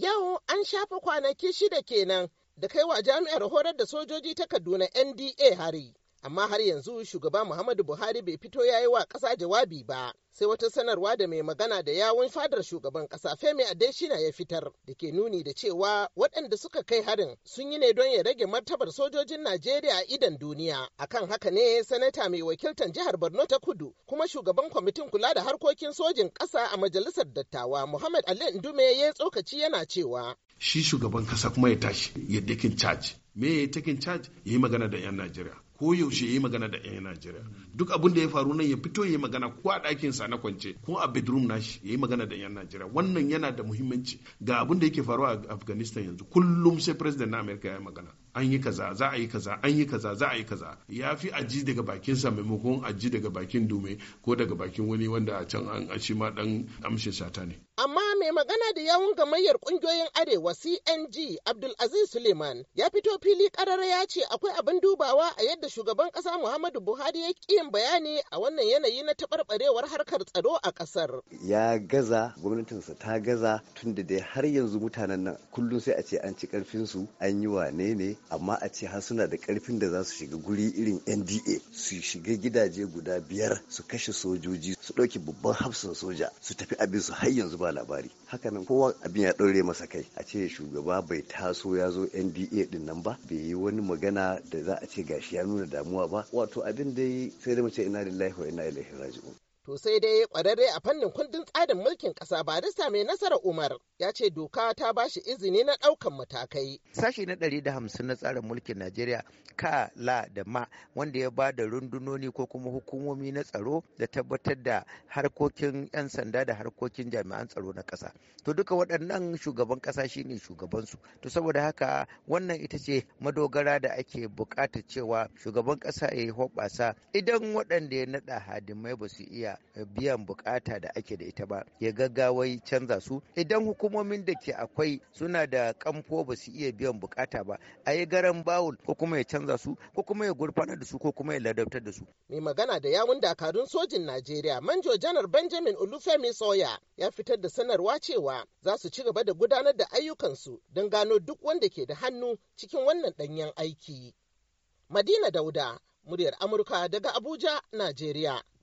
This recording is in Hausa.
Yau an shafa kwanaki shida kenan da kai wa jami'ar horar da sojoji ta Kaduna NDA hari. amma har yanzu shugaba muhammadu buhari bai fito ya yi wa ƙasa jawabi ba sai wata sanarwa da mai magana da yawun fadar shugaban ƙasa femi Adesina ya fitar da ke nuni da cewa waɗanda suka kai harin sun yi ne don ya rage martabar sojojin najeriya a idan duniya akan haka ne sanata mai wakiltar jihar borno ta kudu kuma shugaban kwamitin kula da harkokin sojin ƙasa a majalisar dattawa muhammad ali ndume ya tsokaci yana cewa shi shugaban kasa kuma ya tashi ya dakin caji me ya takin charge ya yi magana da 'yan najeriya ko yaushe ya yi magana da 'yan najeriya duk abin da ya faru nan ya fito ya yi magana ko a ɗakin sa na kwance ko a bedroom nashi ya yi magana da 'yan najeriya wannan yana da muhimmanci ga abin da yake faruwa a afghanistan yanzu kullum sai president na america ya magana an yi kaza za a yi kaza an yi kaza za a yi kaza ya fi aji daga bakin sa maimakon aji daga bakin dume ko daga bakin wani wanda a can an shi ma dan amshin sata ne amma mai magana da yawun gamayyar kungiyoyin arewa cng abdulaziz suleiman ya fito fili karara ya ce akwai abin dubawa a yadda shugaban kasa Muhammadu Buhari ya yin bayani a wannan yanayi na taɓarɓarewar harkar tsaro a ƙasar. Ya gaza gwamnatinsa ta gaza tun da dai har yanzu mutanen nan kullum sai a ce an ci ƙarfinsu an yi wane ne amma a ce har suna da ƙarfin da za su shiga guri irin NDA su shiga gidaje guda biyar su kashe sojoji su ɗauki babban hafsan soja su tafi abin su har yanzu ba labari. Hakanan kowa abin ya ɗaure masa kai a ce shugaba bai taso ya zo NDA ɗin nan ba ba bai yi wani magana da za a ce gashi ya nuna damuwa ba wato abin dai sai da mace ina lillahi wa ina ilaihi raji'un to sai dai kwararre a fannin kundin tsarin mulkin kasa barista mai nasarar umar ya ce doka ta ba shi izini na ɗaukan matakai. Sashi na ɗari da hamsin na tsarin mulkin Najeriya ka la da ma wanda ya ba da rundunoni ko kuma hukumomi na tsaro da tabbatar da harkokin 'yan sanda da harkokin jami'an tsaro na ƙasa. To duka waɗannan shugaban ƙasa shine shugabansu. To saboda haka wannan ita ce madogara da ake buƙatar cewa shugaban ƙasa ya yi hoɓasa idan waɗanda ya naɗa hadimai ba su iya biyan buƙata da ake da ita ba ya gaggawai canza su idan hukum hukumomin da ke akwai suna da kamfo ba su iya biyan bukata ba a yi garan bawul ko kuma ya canza su ko kuma ya gurfana da su ko kuma ya ladabtar da su. mai magana da yawun dakarun sojin najeriya manjo janar benjamin olufemi soya ya fitar da sanarwa cewa za su ci gaba da gudanar da ayyukansu don gano duk wanda ke da hannu cikin wannan danyen aiki. madina dauda muryar amurka daga abuja najeriya.